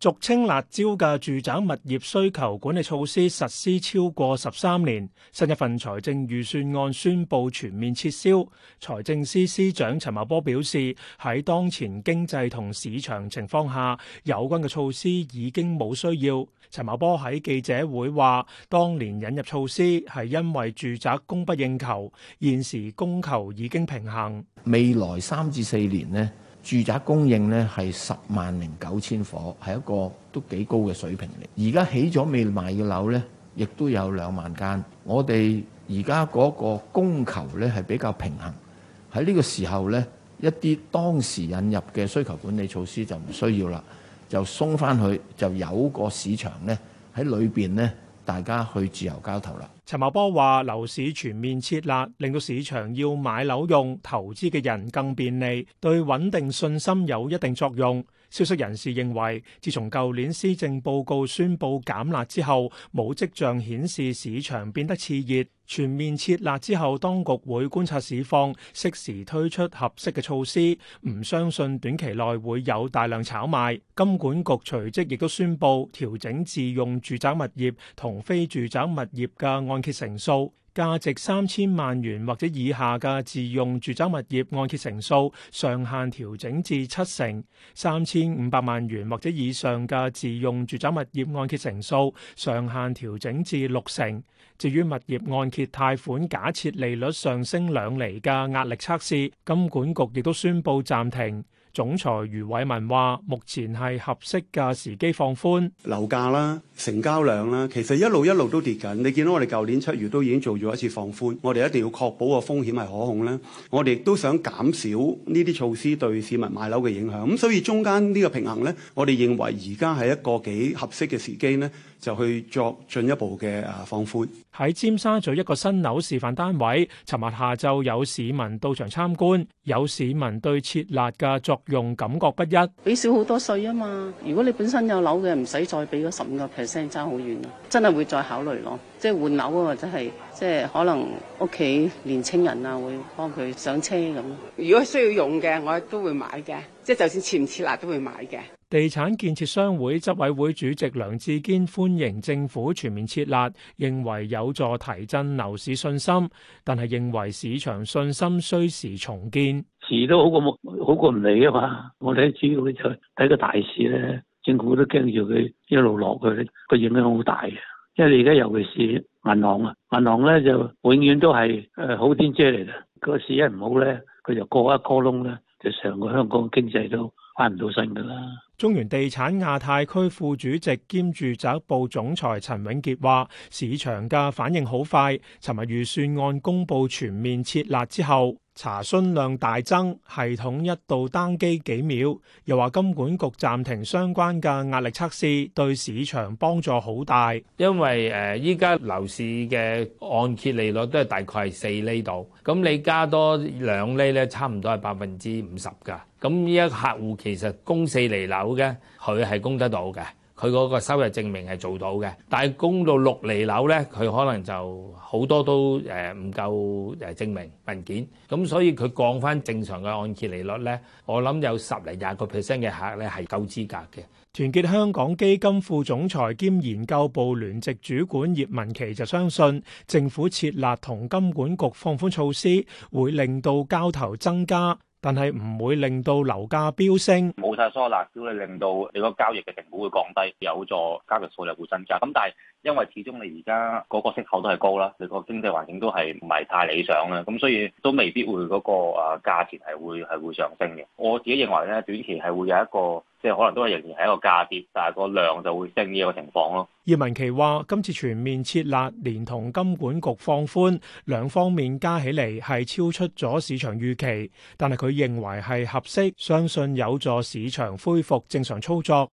俗稱辣招嘅住宅物業需求管理措施實施超過十三年，新一份財政預算案宣布全面撤銷。財政司司長陳茂波表示，喺當前經濟同市場情況下，有關嘅措施已經冇需要。陳茂波喺記者會話，當年引入措施係因為住宅供不應求，現時供求已經平衡，未來三至四年呢，住宅供應咧係十萬零九千夥，係一個都幾高嘅水平嚟。而家起咗未賣嘅樓咧，亦都有兩萬間。我哋而家嗰個供求咧係比較平衡。喺呢個時候咧，一啲當時引入嘅需求管理措施就唔需要啦，就鬆翻去，就有個市場咧喺裏邊咧。大家去自由交投啦。陳茂波話，樓市全面撤辣，令到市場要買樓用投資嘅人更便利，對穩定信心有一定作用。消息人士認為，自從舊年施政報告宣布減辣之後，冇跡象顯示市場變得熾熱，全面撤辣之後當局會觀察市況，適時推出合適嘅措施。唔相信短期內會有大量炒賣，金管局隨即亦都宣布調整自用住宅物業同非住宅物業嘅按揭成數。價值三千萬元或者以下嘅自用住宅物業按揭成數上限調整至七成，三千五百萬元或者以上嘅自用住宅物業按揭成數上限調整至六成。至於物業按揭貸款假設利率上升兩厘嘅壓力測試，金管局亦都宣布暫停。總裁余偉文話，目前係合適嘅時機放寬。樓價啦、成交量啦，其實一路一路都跌緊。你見到我哋舊年七月都已經做咗一次放寬，我哋一定要確保個風險係可控咧。我哋亦都想減少呢啲措施對市民買樓嘅影響。咁所以中間呢個平衡咧，我哋認為而家係一個幾合適嘅時機咧，就去作進一步嘅啊放寬。喺尖沙咀一個新樓示範單位，尋日下晝有市民到場參觀，有市民對設立嘅作用感覺不一，俾少好多稅啊嘛！如果你本身有樓嘅，唔使再俾嗰十五個 percent，差好遠啊！真係會再考慮咯，即係換樓啊！或者係，即係可能屋企年青人啊，會幫佢上車咁。如果需要用嘅，我都會買嘅，即係就算撤唔撤辣都會買嘅。地產建設商會執委會主席梁志堅歡迎政府全面撤辣，認為有助提振樓市信心，但係認為市場信心需時重建。遲都好過冇，好過唔理啊嘛！我哋主要就睇個大市咧，政府都驚住佢一路落去，佢個影響好大嘅。因為你而家尤其是銀行啊，銀行咧就永遠都係誒好天擎遮嚟嘅，個市一唔好咧，佢就過一過窿啦。就成個香港經濟都翻唔到身噶啦！中原地產亞太區副主席兼住宅部總裁陳永傑話，市場嘅反應好快，尋日預算案公布全面撤辣之後，查詢量大增，系統一度單機幾秒，又話金管局暫停相關嘅壓力測試，對市場幫助好大。因為誒，依家樓市嘅按揭利率都係大概係四厘度，咁你加多兩厘呢，差唔多係百分之五十㗎。咁依家客戶其實供四厘樓嘅，佢係供得到嘅。佢嗰個收入證明係做到嘅，但係供到六厘樓咧，佢可能就好多都誒唔夠誒證明文件，咁所以佢降翻正常嘅按揭利率咧，我諗有十零廿個 percent 嘅客咧係夠資格嘅。團結香港基金副總裁兼研究部聯席主管葉文琪就相信政府撤辣同金管局放寬措施，會令到交投增加。但係唔會令到樓價飆升，冇晒疏漏，只會令到你個交易嘅成本會降低，有助交易數量會增加。咁但係因為始終你而家個個息口都係高啦，你個經濟環境都係唔係太理想啦，咁所以都未必會嗰個誒價錢係會係會上升嘅。我自己認為咧，短期係會有一個。即係可能都係仍然係一個價跌，但係個量就會升，呢個情況咯。葉文琪話，今次全面撤辣，連同金管局放寬兩方面加起嚟，係超出咗市場預期，但係佢認為係合適，相信有助市場恢復正常操作。